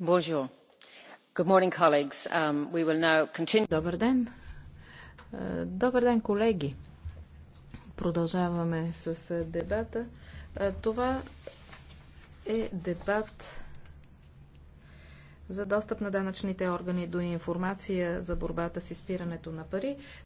Um, е, добър ден! колеги! Продължаваме с е, дебата. Е, това е дебат за достъп на данъчните органи до информация за борбата с изпирането на пари.